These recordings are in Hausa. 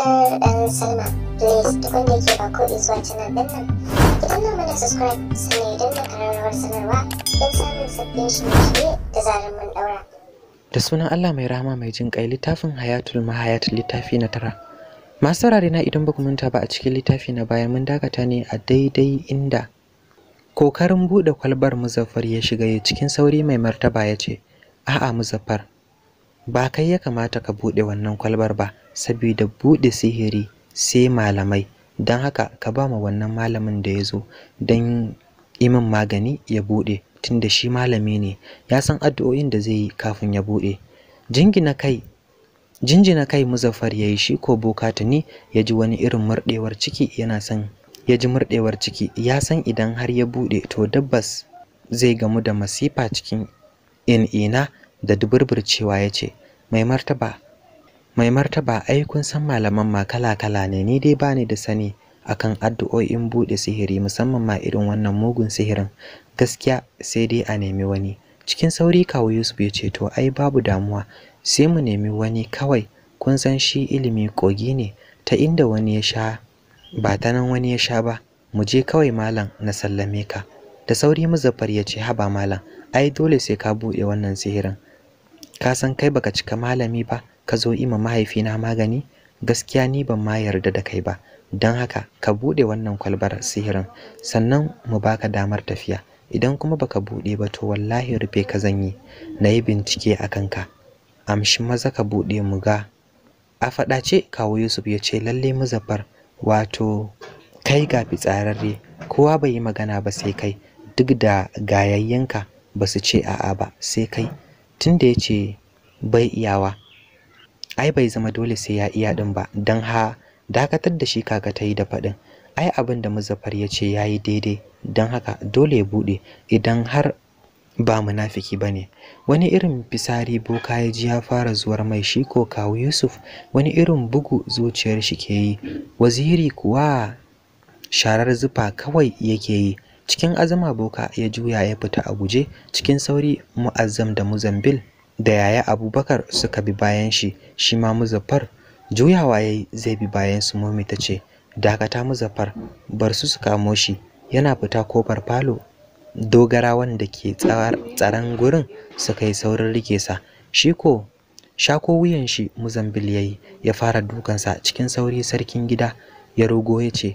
subscribe ya sanarwa don samun sabbin da sunan Allah mai rahama mai jin ƙai littafin Hayatul Mahayat littafi na tara. Masu na idan ba ku manta ba a cikin littafi na baya mun dakata ne a daidai inda kokarin buɗe kwalbar muzaffar ya shiga cikin sauri mai martaba ya ce, A'a muzaffar, ba kai ya kamata ka buɗe wannan kwalbar ba saboda buɗe sihiri sai malamai don haka ka ba ma wannan malamin da ya zo don imin magani ya buɗe tunda shi malami ne ya san addu'o'in da zai yi kafin ya buɗe jingina kai jinjina kai muzaffar yayi shi ko boka ne ya ji wani irin murɗewar ciki yana son ya ji murɗewar ciki ya san idan har ya buɗe to dabbas zai gamu da masifa cikin in da duburburcewa ya ce mai martaba mai martaba ai kun san malaman ma kala-kala ne ni dai bani da sani akan addu'o'in buɗe sihiri musamman ma irin wannan mugun sihirin gaskiya sai dai a nemi wani cikin sauri kawo Yusuf ya ce to ai babu damuwa sai mu nemi wani kawai kun san shi ilimi kogi ne ta inda wani ya sha ba ta nan wani ya sha ba mu je kawai malam na sallame ka da sauri muzaffar ya ce haba malam ai dole sai ka buɗe wannan sihirin ka san kai baka cika malami ba ka zo ima mahaifina magani gaskiya ni ban ma yarda da kai ba don haka ka buɗe wannan kwalbar sihirin sannan mu baka damar tafiya idan kuma baka buɗe ba to wallahi rufe ka zan yi na yi bincike a kanka amshi maza ka buɗe mu ga a faɗace kawo yusuf ya ce lalle muzaffar wato kai ga fitsararre kowa bai yi magana ba sai kai duk da gayayyanka ba su ce a'a ba sai kai tunda ya ce bai iyawa ai bai zama dole sai ya iya din ba don ha dakatar da shi kaka ta yi da faɗin ai abin da muzaffar ya ce ya yi daidai don haka dole ya buɗe idan har ba munafiki ba ne wani irin fisari boka ya ji ya fara zuwar mai shi ko kawu yusuf wani irin bugu zuciyar shi ke yi waziri kuwa sharar zufa kawai yake yi cikin azama boka ya juya ya fita a guje cikin sauri mu'azzam da muzambil da yaya abubakar suka bi bayan shi shi ma muzaffar juyawa ya yi zai bi bayan su momi ta ce dakata muzaffar bar su su kamo shi yana fita kofar falo Dogara wanda ke tsaron gurin suka yi saurin rike sa shi ko shako wuyan shi muzambil ya yi ya fara dukansa cikin sauri sarkin gida ya rogo ya ce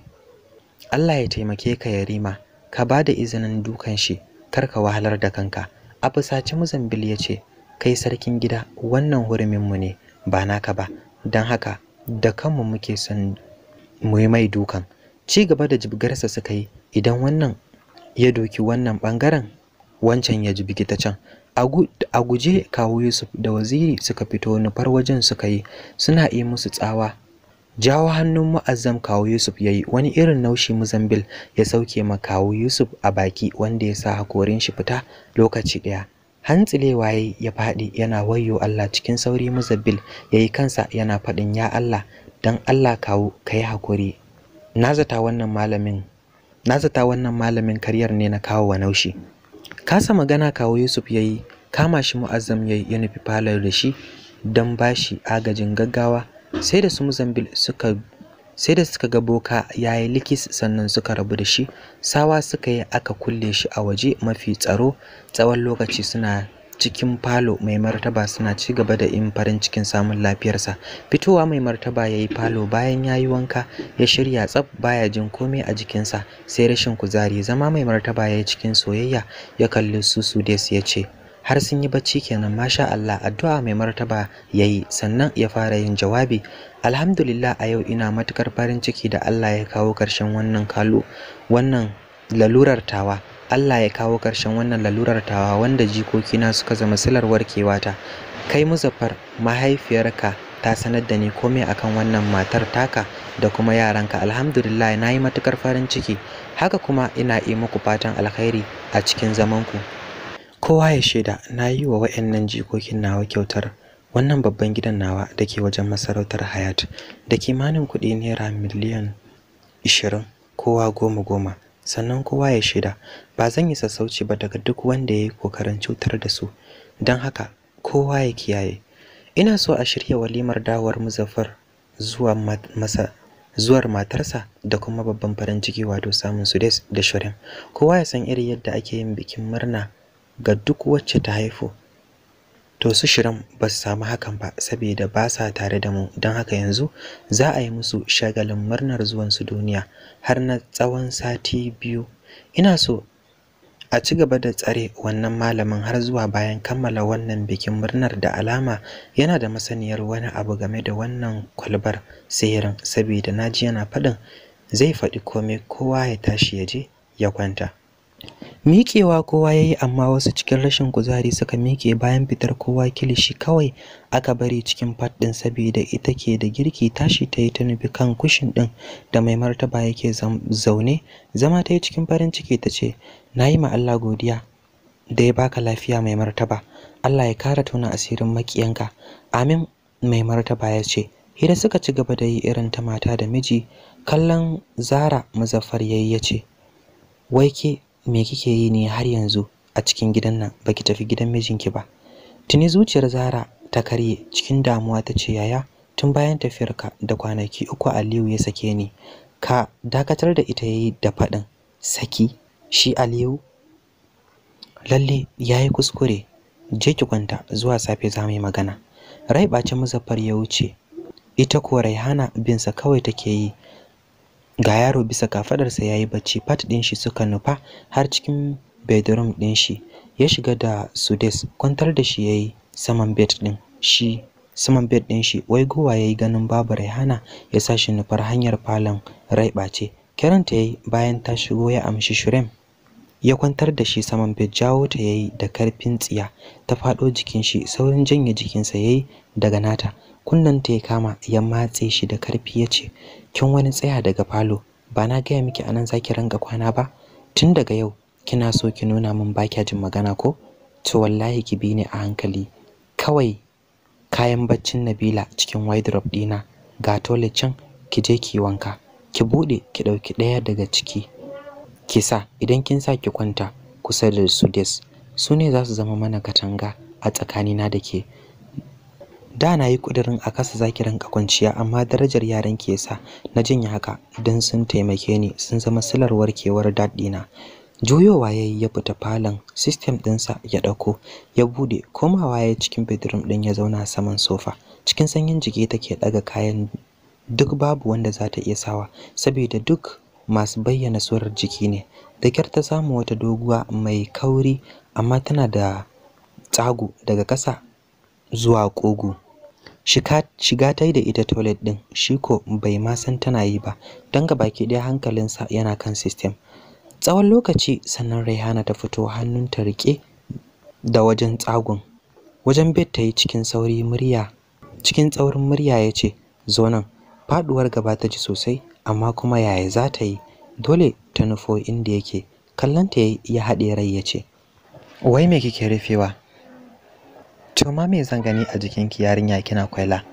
allah ya taimake ka yarima ka ba da izinin dukan shi kar ka wahalar da kanka a fusaci muzambil ya ce kai sarkin gida wannan huriminmu ne ba naka ba don haka da kanmu muke son mu mai dukan ci gaba da jibgarsa suka yi idan wannan ya doki wannan bangaren wancan ya jibgi ta can a guje kawo yusuf da waziri suka fito nufar wajen suka yi suna yi musu tsawa jawo hannun mu'azzam kawo yusuf ya yi wani irin naushi muzambil ya sauke ma kawo yusuf a baki wanda ya sa hakorin shi fita lokaci ɗaya hantsilewa yayi ya faɗi yana wayo allah cikin sauri muzambil ya yi kansa yana faɗin ya allah don allah kawo ka yi hakuri na zata wannan malamin na zata wannan malamin karyar ne na kawo wa naushi kasa magana kawo yusuf ya yi kama shi mu'azzam ya yi ya nufi falon da shi don ba shi agajin gaggawa sai da su Mozambique suka sai da suka ga boka yayi likis sannan suka rabu da shi sawa suka yi aka kulle shi a waje mafi tsaro tsawon lokaci suna cikin falo mai martaba suna ci gaba da yin farin cikin samun lafiyarsa fitowa mai martaba ya yi falo bayan ya yi wanka ya shirya tsaf baya jin komai a jikinsa sai rashin kuzari zama mai martaba ya yi cikin soyayya ya kalli susu des ya ce har sun yi bacci kenan masha Allah addu'a mai martaba yayi sannan ya fara yin jawabi alhamdulillah a yau ina matukar farin ciki da Allah ya kawo karshen wannan kalu wannan lalurar tawa Allah ya kawo karshen wannan lalurar tawa wanda jikoki na suka zama silar warkewata kai muzaffar mahaifiyarka ta sanar da ni komai akan wannan matar taka da kuma yaranka alhamdulillah na yi matukar farin ciki haka kuma ina yi muku fatan alkhairi a cikin zamanku kowa ya shaida na yi wa waɗannan jikokin nawa kyautar wannan babban gidan nawa da ke wajen masarautar hayat da kimanin kuɗi naira miliyan ishirin kowa goma goma sannan kowa ya shaida ba zan yi sassauci ba daga duk wanda ya yi kokarin cutar da su don haka kowa ya kiyaye ina so a shirya walimar dawar muzaffar zuwa zuwar matarsa da kuma babban farin ciki wato samun su da shirin kowa ya san irin yadda ake yin bikin murna ga duk wacce ta haifo to su shirin ba su samu hakan ba saboda ba sa tare da mu don haka yanzu za a yi musu shagalin murnar zuwan su duniya har na tsawon sati biyu ina so a ci gaba da tsare wannan malamin har zuwa bayan kammala wannan bikin murnar da alama yana da masaniyar wani abu game da wannan kwalbar sihirin saboda ji yana faɗin zai faɗi komai kowa ya tashi ya je ya kwanta miƙewa kowa ya yi amma wasu cikin rashin kuzari suka mike bayan fitar kowa kilishi kawai aka bari cikin fat ɗin saboda ita ke da girki tashi ta yi ta nufi kan kushin ɗin da mai martaba yake zaune zama ta yi cikin farin ciki ta ce na yi ma Allah godiya da ya baka lafiya mai martaba Allah ya kara tona asirin maƙiyanka amin mai martaba ya ce hira suka ci gaba da yi irin ta mata da miji kallon zara muzaffar yayi ya ce wai ke me kike yi ne har yanzu a cikin gidan nan baki tafi gidan mijinki ba tuni zuciyar Zara ta karye cikin damuwa ta ce yaya tun bayan tafiyarka da kwanaki uku Aliyu ya sake ni ka dakatar da ita yayi da faɗin saki shi Aliyu lalle yayi kuskure je ki kwanta zuwa safe za mu yi magana rai ɓacin muzaffar ya wuce ita ko raihana binsa kawai take yi ga yaro bisa kafadarsa ya yi bacci fat ɗin shi suka nufa har cikin bedroom ɗin shi ya shiga da sudes kwantar da shi ya yi saman bed ɗin shi saman bed ɗin shi wai gowa ya yi ganin babu raihana ya sa shi nufar hanyar falon rai ɓace kiran ta yi bayan ta shigo ya amshi shirem ya kwantar da shi saman bed jawo ta ya yi da karfin tsiya ta faɗo jikin shi saurin janye jikinsa ya yi daga nata kunnanta ya kama ya matse shi da karfi ya ce kin wani tsaya daga falo ba na gaya miki anan zaki ranga kwana ba tun daga yau kina so ki nuna min ba kya jin magana ko to wallahi ki bi ni a hankali kawai kayan baccin Nabila cikin wardrobe dina ga toilet can ki je ki wanka ki bude ki dauki daya daga ciki Kisa idan kin sa ki kwanta kusa da su des su ne za su zama mana katanga a tsakanina da ke da na yi kudirin a kasa zaki rinka kwanciya amma darajar yaran ke sa na jin haka don sun taimake ni sun zama silar warkewar daɗina juyowa ya yi ya fita falon sistem ɗinsa ya ɗauko ya buɗe komawa ya cikin bedroom ɗin ya zauna saman sofa cikin sanyin jiki take daga kayan duk babu wanda za ta iya sawa saboda duk masu bayyana surar jiki ne da kyar ta samu wata doguwa mai kauri amma tana da tsagu daga ƙasa zuwa ƙugu shiga ta yi da ita toilet ɗin shiko. bai ma san tana yi ba don baki ɗaya hankalinsa yana kan system tsawon lokaci sannan rayhana ta fito hannun ta riƙe da wajen tsagun wajen bed ta yi cikin sauri murya cikin tsaurin murya ya ce zo nan faɗuwar gaba ta ji sosai amma kuma yaya za ta yi dole ta nufo inda yake kallonta ya haɗe rai ya ce wai me kike rufewa to ma me zan gani a jikinki yarinya kina kwaila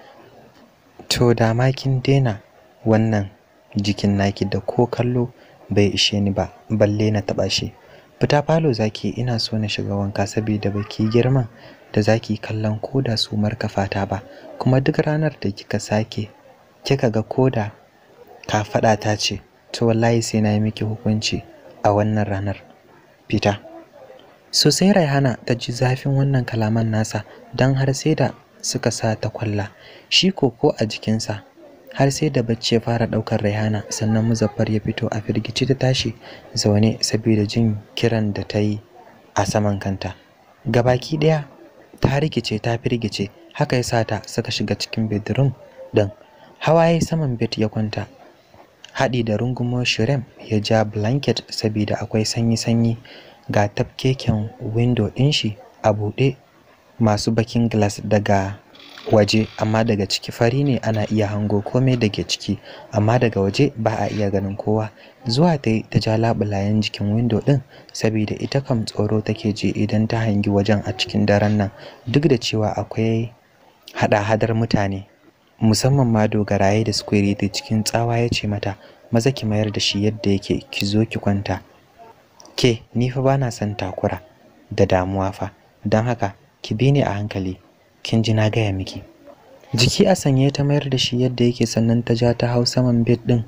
to da ma kin daina wannan jikin naki da ko kallo bai ishe ni ba balle na taba shi fita falo zaki ina so na shiga wanka saboda baki girma da zaki kallon koda su marka fata ba kuma duk ranar da kika sake kika ga koda ka fada ta ce to wallahi sai na yi miki hukunci a wannan ranar fita sosai raihana ta ji zafin wannan kalaman nasa don har sai da suka sa ta kwalla shi koko a jikinsa har sai da bacci ya fara ɗaukar raihana sannan muzaffar ya fito a firgici ta tashi zaune saboda jin kiran da ta yi a saman kanta gabaki ɗaya, ta rikice ta firgice haka ya sa ta suka shiga cikin bedroom ya hawaye saman bet ya kwanta haɗi da rungumo shirem ya ja blanket saboda akwai sanyi-sanyi ga tafkeken windo ɗin shi a buɗe masu bakin glass daga waje amma daga ciki fari ne ana iya hango komai daga ciki amma daga waje ba a iya ganin kowa zuwa ta ta ja labulayen jikin windo ɗin, saboda ita kam tsoro take je idan ta hangi wajen a cikin daren nan duk da cewa akwai hada-hadar mutane musamman ma dogaraye da da cikin tsawa ya ce mata maza ki mayar da shi yadda yake ki zo ki kwanta ke ni fa bana son takura da damuwa fa don haka ki bi ni a hankali kin ji na gaya miki jiki a sanye ta mayar da shi yadda yake sannan ta ja ta hau saman bed din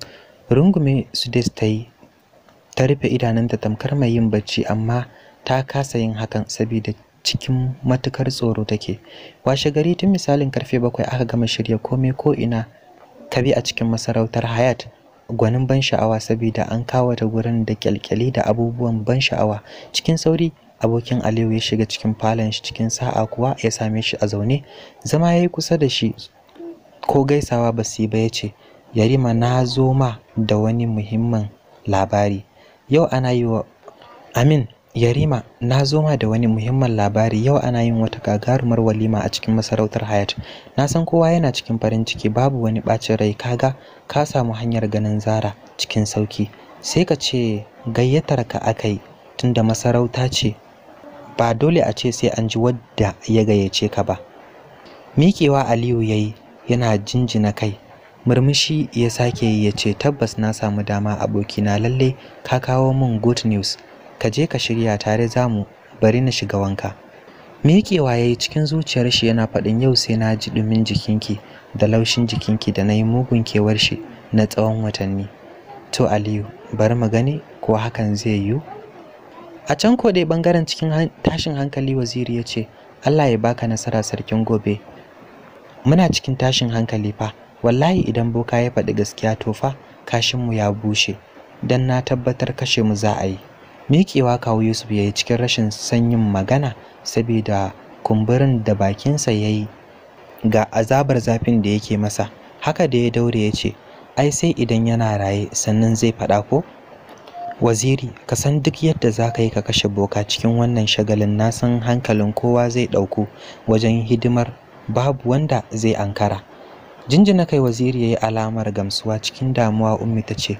rungume su des ta yi ta rufe idanunta tamkar mai yin bacci amma ta kasa yin hakan saboda cikin matukar tsoro take washe gari tun misalin karfe bakwai aka gama shirya komai ko ina ta bi a cikin masarautar hayat gwanin ban sha'awa saboda an kawata gurin da kyalkyali da abubuwan ban sha'awa cikin sauri abokin Aliyu ya shiga cikin falon shi cikin sa'a kuwa ya same shi a zaune zama yayi kusa da shi ko gaisawa ba su ba yace Yarima na zo ma da wani muhimmin labari yau ana yi wa Amin Yarima, na zo ma da wani muhimman labari yau ana yin wata gagarumar walima a cikin masarautar Hayat. Na san kowa yana cikin farin ciki babu wani bacin rai kaga ka samu hanyar ganin Zara cikin sauki. Sai ka ce gayyatar ka akai tunda masarauta ce ba dole a ce sai an ji wadda ya gayyace ka ba. Miƙewa Aliyu yayi yana jinjina kai murmushi ya sake yi ya tabbas na samu dama abokina lalle ka kawo mun good news ka je ka shirya tare za mu bari na shiga wanka miƙewa ya yi cikin zuciyar shi yana faɗin yau sai na ji ɗumin jikinki da laushin jikinki da na yi mugun kewar shi na tsawon watanni to aliyu bari mu gani ko hakan zai yiwu a can ko dai bangaren cikin tashin hankali waziri ya ce allah ya baka nasara sarkin gobe muna cikin tashin hankali fa wallahi idan boka ya faɗi gaskiya to fa kashinmu ya bushe don na tabbatar kashe mu za a yi Mikewa kawo yusuf ya yi cikin rashin sanyin magana saboda kumburin da bakinsa ya yi ga azabar zafin da yake masa haka da ya daure ya ce ai sai idan yana raye sannan zai faɗa ko waziri ka san duk yadda za ka yi ka kashe boka cikin wannan shagalin na san hankalin kowa zai ɗauku wajen hidimar babu wanda zai ankara jinjina kai waziri ya yi alamar gamsuwa cikin damuwa ummi ta ce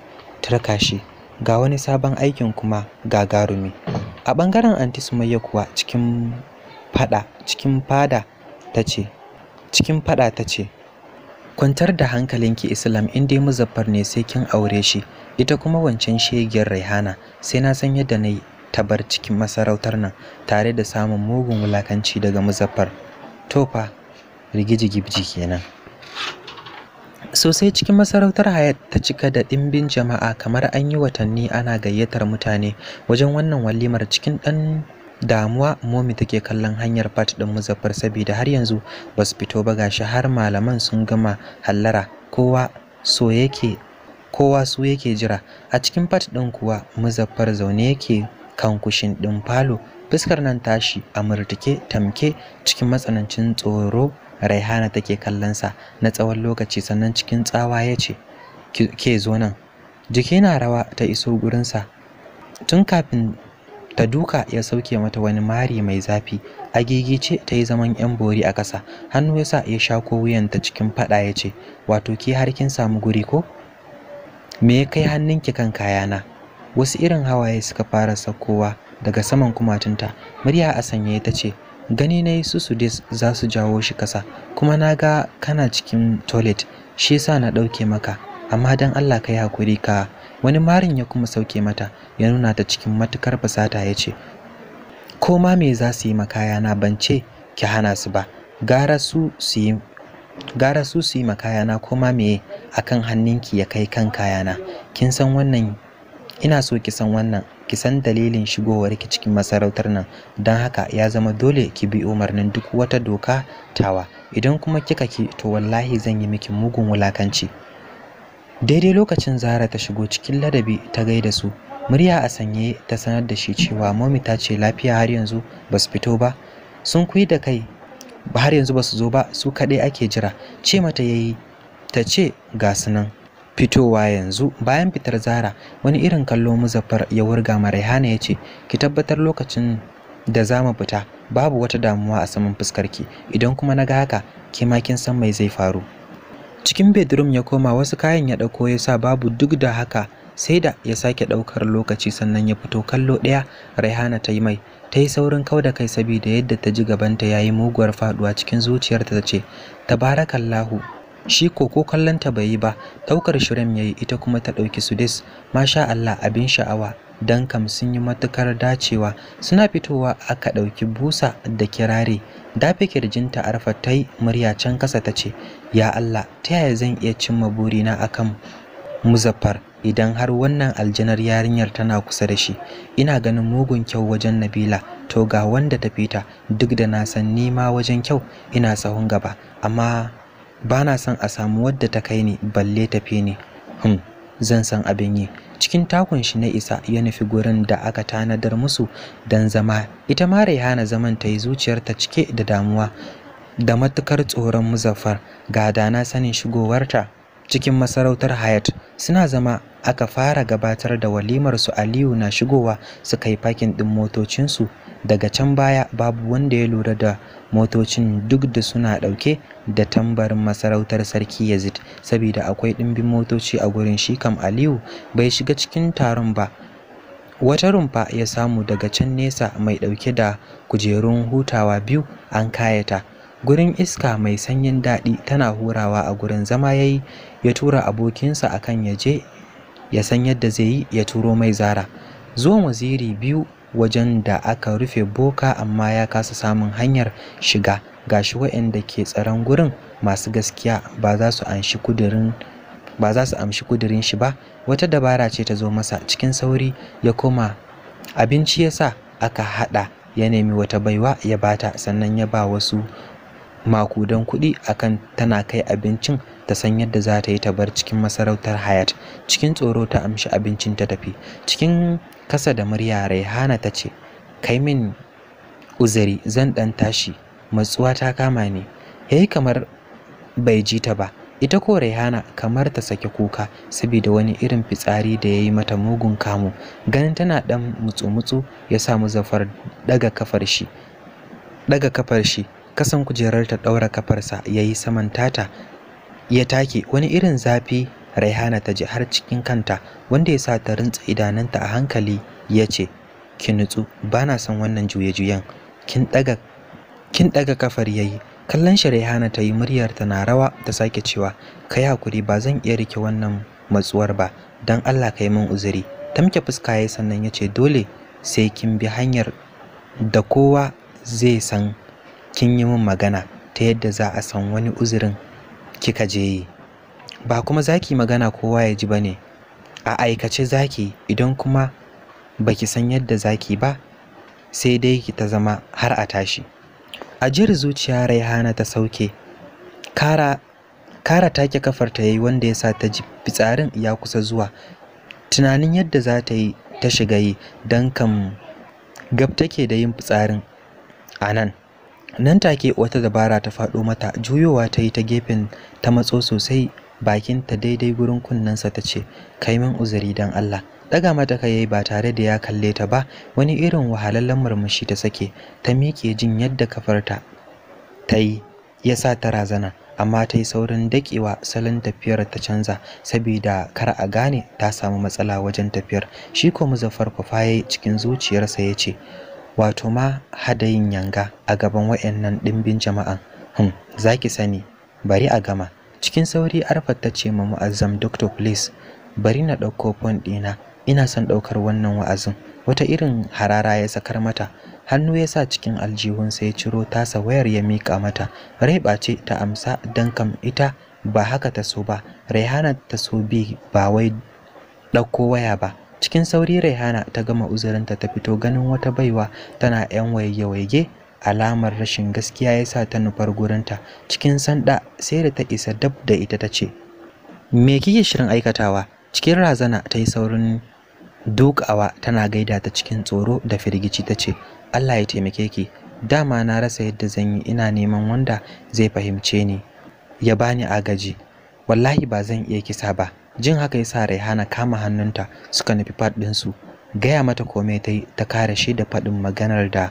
ga wani sabon aikin kuma gagarumi a ɓangaren anti sumayya kuwa cikin fada cikin fada ta ce cikin fada ta ce kwantar da hankalinki islam in dai muzaffar ne sai kin aure shi ita kuma wancan shegiyar raihana sai na san yadda na yi ta cikin masarautar nan tare da samun mugun wulakanci daga muzaffar to rigiji gibji kenan Sosai cikin masarautar Hayat ta cika da ɗimbin jama'a kamar an yi watanni ana gayyatar mutane wajen wannan walimar cikin ɗan damuwa momi take kallon hanyar fat din muzaffar saboda har yanzu ba su fito ba gashi har malaman sun gama hallara kowa so yake kowa su yake jira a cikin fat ɗin kuwa muzaffar zaune yake kan kushin din falo fuskar nan tashi a tamke cikin matsanancin tsoro Raihana take kallonsa na tsawon lokaci sannan cikin tsawa ya ce, Ke zo nan. Jiki na rawa ta iso gurinsa. Tun kafin ta duka ya sauke mata wani mari mai zafi, a gigice ta yi zaman 'yan bori a ƙasa, hannu ya sa ya shako wuyanta cikin faɗa ya ce, Wato ki har kin samu guri ko? Me ya kai hannunki kan kayana? Wasu irin hawaye suka fara saukowa daga saman kumatunta, murya a sanye ta ce, gani na yi su su za su jawo shi kasa kuma na ga kana cikin toilet shi sa na ɗauke maka amma don Allah ka yi hakuri ka wani marin ya kuma sauke mata ya nuna ta cikin matukar fasata ya ce ko ma me za su yi makayana ban ce ki hana su ba gara su su yi gara su su yi ko ma me akan hannunki ya kai kan kayana kin san wannan ina so ki san wannan ki san dalilin shigowar shigowarki cikin masarautar nan don haka ya zama dole ki bi umarnin duk wata doka tawa idan kuma kika ki to wallahi zan yi miki mugun wulakanci daidai lokacin zara ta shigo cikin ladabi ta gaida su murya a sanye ta sanar da shi cewa momi ta ce lafiya har yanzu ba su fito ba sun kuyi da kai har yanzu ba su zo ba su kaɗai ake jira ce mata yayi ta ce ga su nan fitowa yanzu bayan fitar zara wani irin kallo muzaffar ya wurga ma raihana ya ce ki tabbatar lokacin da za mu fita babu wata damuwa a saman fuskarki idan kuma na ga haka ke ma kin san mai zai faru cikin bedroom ya koma wasu kayan ya ɗauko ya sa babu duk da haka sai da ya sake ɗaukar lokaci sannan ya fito kallo ɗaya raihana ta yi mai ta yi saurin kau da kai saboda yadda ta ji gabanta ya yi muguwar faduwa cikin zuciyarta ta ce tabarakallahu shi koko ko kallonta bai yi ba ɗaukar shirin yayi ita kuma ta ɗauki sudis masha Allah abin sha'awa dan kam sun yi matukar dacewa suna fitowa aka ɗauki busa da kirare dafe kirjinta arfa ta murya can kasa tace ya Allah ta yaya zan iya cimma burina akan muzaffar idan har wannan aljinar yarinyar tana kusa da shi ina ganin mugun kyau wajen nabila to ga wanda ta fita duk da na san nima wajen kyau ina sahun gaba amma ba na son a samu wadda ta kai ni balle tafi ni hmm zan san abin yi cikin takun shi na isa ya nufi gurin da aka tanadar musu dan zama ita ma raihana zaman ta yi zuciyarta cike da damuwa da matukar tsoron muzaffar ga dana sanin shigowarta cikin masarautar hayat suna zama aka fara gabatar da walimar su Aliyu na shigowa su pakin fakin ɗin motocinsu daga can baya babu wanda ya lura da motocin duk da suna ɗauke da tambarin masarautar sarki Yazid saboda akwai ɗimbin motoci a gurin shi kam Aliyu bai shiga cikin taron ba wata rumfa ya samu daga can nesa mai ɗauke da kujerun hutawa biyu an kayata gurin iska mai sanyin daɗi tana hurawa a gurin zama yayi ya tura abokinsa akan ya je ya san yadda zai yi ya turo mai zara zuwan waziri biyu wajen da aka rufe boka amma ya kasa samun hanyar shiga gashi waɗanda ke tsaron gurin masu gaskiya ba za su anshi kudirin ba za su amshi kudirin shi ba wata dabara ce ta zo masa cikin sauri ya koma abinci ya sa aka haɗa ya nemi wata baiwa ya bata sannan ya ba wasu makudan kuɗi akan tana kai abincin ta san yadda za ta yi ta bar cikin masarautar Hayat cikin tsoro ta amshi abincin ta tafi cikin kasa da murya Raihana ta ce kai min uzuri zan dan tashi matsuwa ta kama ni 'Yi kamar bai ji ta ba ita ko Raihana kamar ta sake kuka saboda wani irin fitsari da ya yi mata mugun kamu ganin tana ɗan mutsu-mutsu ya samu zafar daga daga kafar shi kasan kujerar ta ɗaura kafarsa ya yi saman tata ya take wani irin zafi raihana ta ji har cikin kanta wanda ya sa ta rintsa idananta a hankali yace ce ki nutsu ba na son wannan juye-juyen kin ɗaga kafar yayi kallon shi raihana ta yi muryar ta na rawa ta sake cewa ka hakuri ba zan iya rike wannan matsuwar ba dan allah ka yi min uzuri tamke fuska ya sannan yace dole sai kin bi hanyar da kowa zai san kin yi min magana ta yadda za a san wani uzurin kika je yi ba kuma zaki magana kowa ya ji ba ne, a aikace zaki idan kuma baki san yadda zaki ba sai dai ki ta zama har a tashi A jir zuciya raihana ta sauke kara kara take ta yi wanda ya sa ta ji fitsarin ya kusa zuwa tunanin yadda za ta yi ta shiga yi don kam gab take da yin fitsarin a nan nan take wata dabara ta faɗo mata juyowa ta yi ta gefen ta matso sosai bakinta daidai gurin kunnensa ta ce kai min uzuri don Allah daga mata kai yayi ba tare da ya kalle ta ba wani irin wahalallen murmushi ta sake ta miƙe jin yadda kafarta ta yi ya sa ta razana amma ta yi saurin daƙewa salon tafiyar ta canza saboda kar a gane ta samu matsala wajen tafiyar shi ko muzaffar kwafaye cikin zuciyarsa ya ce wato ma hada yin yanga a gaban wayannan dimbin jama'an hmm zaki sani bari a gama cikin sauri arfat ta ce ma mu'azzam Dr. please bari na ɗauko phone ɗina ina son ɗaukar wannan wa'azin wata irin harara ya sakar mata hannu ya sa cikin aljihun sai ciro tasa wayar ya mika mata rai ce ta amsa dan kam ita ba haka ta so ba hana ta so bi ba wai ɗauko waya ba cikin sauri raihana ta gama uzurinta ta fito ganin wata baiwa tana yan waige-waige alamar rashin gaskiya ya sa ta nufar gurinta cikin sanda sai da ta isa dab da ita ta ce me kike shirin aikatawa cikin razana ta yi saurin dukawa tana gaida ta cikin tsoro da firgici ta ce allah ya taimake ki dama na rasa yadda zan yi ina neman wanda zai fahimce ni ya bani agaji wallahi ba zan iya kisa ba jin haka yasa sa raihana kama hannunta suka nufi fad su, gaya mata komai ta ta kare shi da faɗin maganar da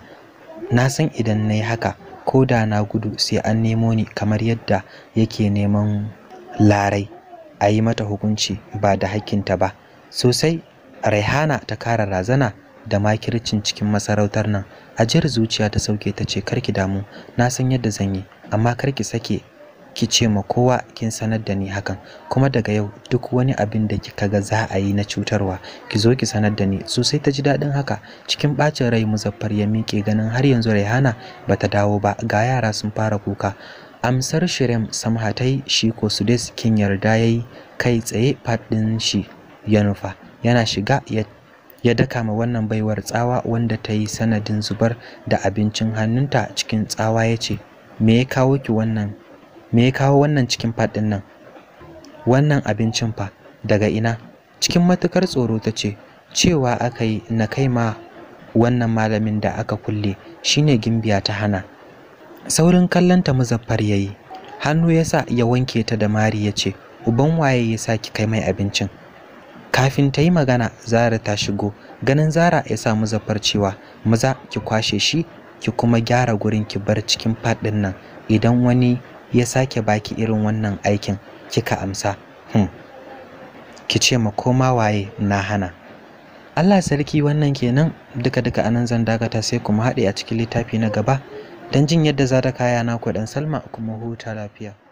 na san idan na yi haka ko da na gudu sai an nemo ni kamar yadda yake neman larai a yi mata hukunci ba da hakkinta ba sosai raihana ta kara razana da makircin cikin masarautar nan ajiyar zuciya ta sauke ta ce karki damu na san yadda zan yi amma karki sake ki ce ma kowa kin sanar da ni hakan kuma daga yau duk wani abin da kika ga za a yi na cutarwa ki zo ki sanar da ni sosai ta ji daɗin haka cikin ɓacin rai muzaffar ya miƙe ganin har yanzu raihana ba ta dawo ba ga yara sun fara kuka amsar shirem samhatai shi ko sudes kin yarda yayi kai tsaye faɗin shi ya nufa yana shiga ya ya daka ma wannan baiwar tsawa wanda ta yi sanadin zubar da abincin hannunta cikin tsawa ya ce me ya kawo ki wannan me ya kawo wannan cikin faɗin nan wannan abincin fa daga ina cikin matukar tsoro ta ce cewa aka yi na kai ma wannan malamin da aka kulle shine gimbiya ta hana saurin kallonta muzaffar ya yi hannu ya sa ya wanke ta da mari ya ce uban waye ya sa ki kai mai abincin kafin ta yi magana zara ta shigo ganin zara ya sa muzaffar cewa maza ki kwashe shi ki kuma gyara gurin ki bar cikin faɗin nan idan wani ya sake baki irin wannan aikin kika amsa hmm. ki ce ma koma waye na hana Allah sarki wannan kenan duka duka anan zan dagata sai kuma haɗe a cikin littafi na gaba don jin yadda za ta kaya na ku dan Salma kuma huta lafiya